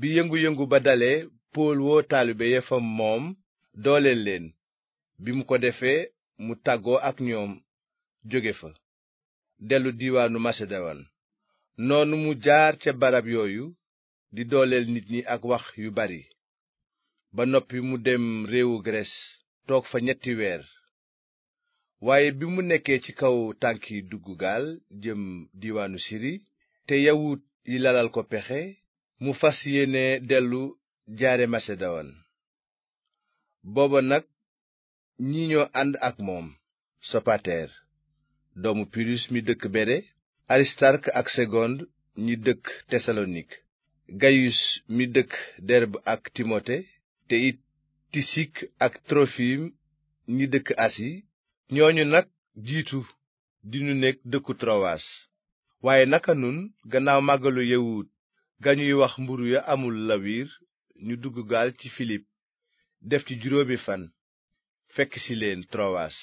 bi yëngu-yëngu ba dalee pool woo taalibe ya fa moom dooleel leen bi mu ko defee mu tàggoo ak ñoom jóge fa dellu diiwaanu maseduwaan noonu mu jaar ca barab yooyu di dooleel nit ñi ak wax yu bari ba noppi mu dem réewu Grèce toog fa ñetti weer waaye bi mu nekkee ci kaw tànki dugg gaal jëm diiwaanu Siri te yawut yi lalal ko pexe fas yéene dellu jaare maseduwaan booba nag ñi ñoo ànd ak moom sopater doomu pirus mi dëkk bere aristark ak segond ñi dëkk tesalonik gayus mi dëkk derb ak timote te it tisik ak trofim ñi dëkk asi ñooñu nag jiitu dinu nekk dëkku trowaas waaye naka nun gannaaw màggalu yawut gañuy wax mburu ya amul lawiir ñu dugg gaal ci filip def ci juróomi fan fekk ci leen trowaas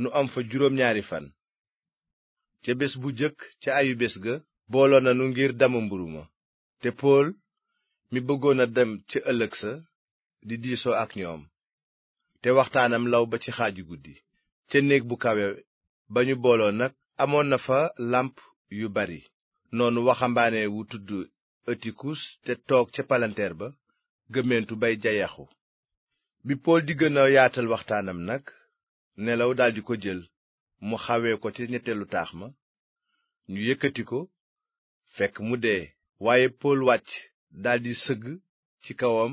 nu am fa juróom ñaari fan ca bés bu jëkk ca bés ga booloo nanu ngir damu mburu ma te pool mi bëggoon a dem ca ëllëg sa di diisoo ak ñoom te waxtaanam law ba ci xaaju guddi ca néeg bu kawe ba ñu booloo nag amoon na fa làmp yu bari noonu waxambaane wu tudd ëtikus te toog ca palanteer ba gëmmentu bay jayaxu bi pool di gën yaatal waxtaanam nag nelaw daldi ko jël mu xawee ko ci ñetteelu taax ma ñu yëkkati ko fekk mu dee waaye pool wàcc daldi sëgg ci kawam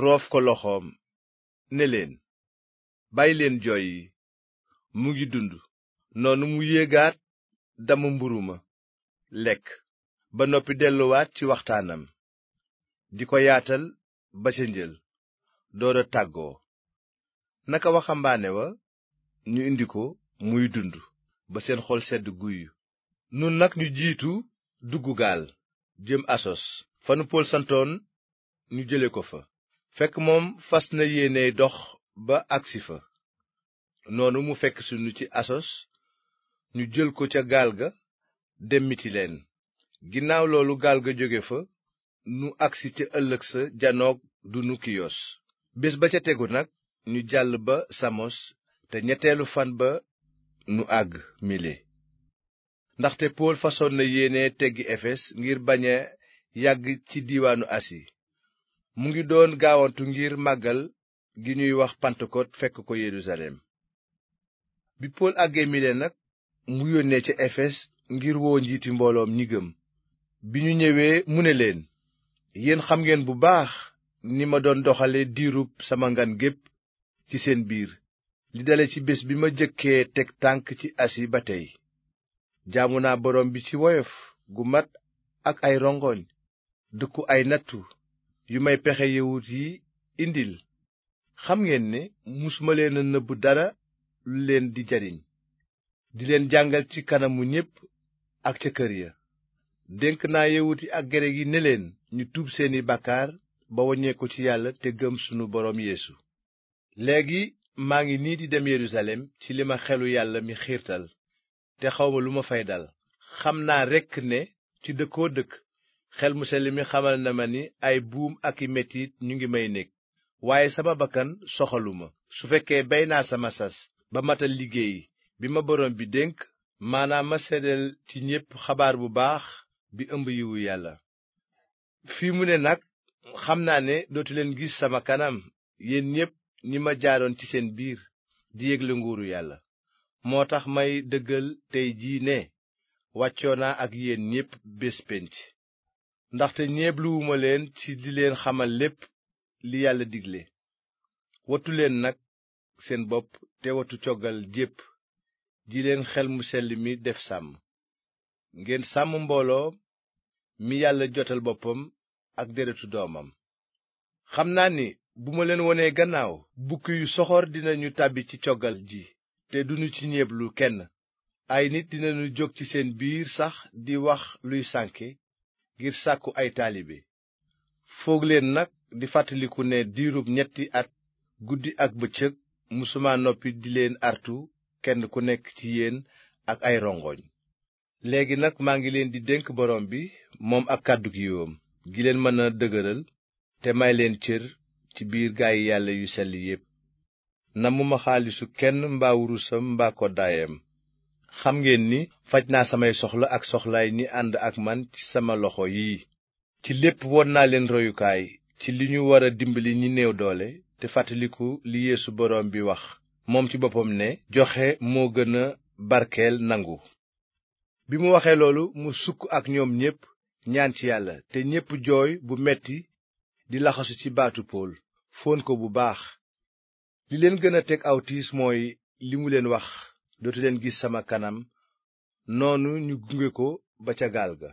roof ko loxoom ne leen bàyyi jooy yi mu ngi dund noonu mu yéegaat damu mburu ma lekk ba noppi delluwaat ci waxtaanam di ko yaatal ba ca njël door tàggoo naka waxambaane wa ñu indi ko muy dund ba seen xol sedd guy nun nag ñu jiitu dugg gaal jëm asos fanu pool santoon ñu jële ko fa fekk moom fas na yéene dox ba agsi fa noonu mu fekk sunu ci asos ñu jël ko ca gaal ga demmiti leen ginnaaw loolu gaal ga jóge fa nu agsi ca ëllëg sa janook dunu kiyos bés ba ca tegu nag ñu jàll ba samos te ñetteelu fan ba nu àgg mile ndaxte pool fasoon na yéene teggi efes ngir baña yàgg ci diwaanu asi mu ngi doon gaawantu ngir màggal gi ñuy wax pantekot fekk ko yerusalem mu yónnee ca efes ngir woo njiiti mbooloom ñi gëm bi ñu ñëwee mu ne leen yéen xam ngeen bu baax ni ma doon doxale diirub sama ngan gépp ci seen biir li dale ci bés bi ma jëkkee teg tànk ci asi ba tey jaamu naa boroom bi ci woyof gu mat ak ay rongoñ dëkku ay nattu yu may pexe yawut yi indil xam ngeen ne musuma leen a nëbb dara lu leen di jariñ di leen jàngal ci kanamu ñépp ak ca kër ya dénk naa yawut yi ak grek gi ne leen ñu tuub seeni bàkkaar ba waññeeku ci yàlla te gëm sunu boroom yeesu léegi maa ngi nii di dem yerusalem ci li ma xelu yàlla mi xiirtal te xawma lu ma fay dal xam naa rekk ne ci dëkkoo dëkk xel mu sell mi xamal na ma ni ay buum ak i metit ñu ngi may nekk waaye sama bakkan soxaluma su fekkee bay naa sama sas ba matal liggéey bi ma borom bi dénk maanaam ma seedeel ci ñépp xabaar bu baax bi ëmb yiwu yàlla fii mu ne nag xam naa ne dootu leen gis sama kanam yéen ñépp ñi ma jaaroon ci seen biir di yégle nguuru yàlla moo tax may dëggal tey jii ne wàccoo naa ak yéen ñépp bés pénc ndaxte ñeebluwuma leen ci di leen xamal lépp li yàlla digle wattu nag seen bopp te wotu coggal jépp di leen xel mu sell mi def sàmm ngeen sàmm mbooloo mi yàlla jotal boppam ak deretu doomam xam naa ni bu ma leen wonee gannaaw bukki yu soxor ñu tàbbi ci coggal ji te duñu ci lu kenn ay nit dinañu jóg ci seen biir sax di wax luy sànke ngir sàkku ay taalibe foog leen nag di fàttaliku ne diirub ñetti at guddi ak bëccëg musuma noppi di leen artu kenn ku nekk ci yéen ak ay rongoñ léegi nag maa ngi leen di dénk borom bi moom ak kàddu yiwam gi leen mën a dëgëral te may leen cër ci biir gaay yàlla yu sell yépp namuma xaalisu kenn mbaa wurusam mbaa koddaayam xam ngeen ni faj naa samay soxla ak soxlaay ni ànd ak man ci sama loxo yii ci lépp won naa leen royukaay ci li ñu war a dimbali ñi néew doole te fàttaliku li yeesu borom bi wax moom ci boppam ne joxe moo gën a barkeel nangu bi mu waxee loolu mu sukk ak ñoom ñépp ñaan ci yàlla te ñépp jooy bu metti di laxasu ci baatu pool fóon ko bu baax li leen gën a teg aw tiis mooy li mu leen wax dootu leen gis sama kanam noonu ñu gunge ko ba ca gaal ga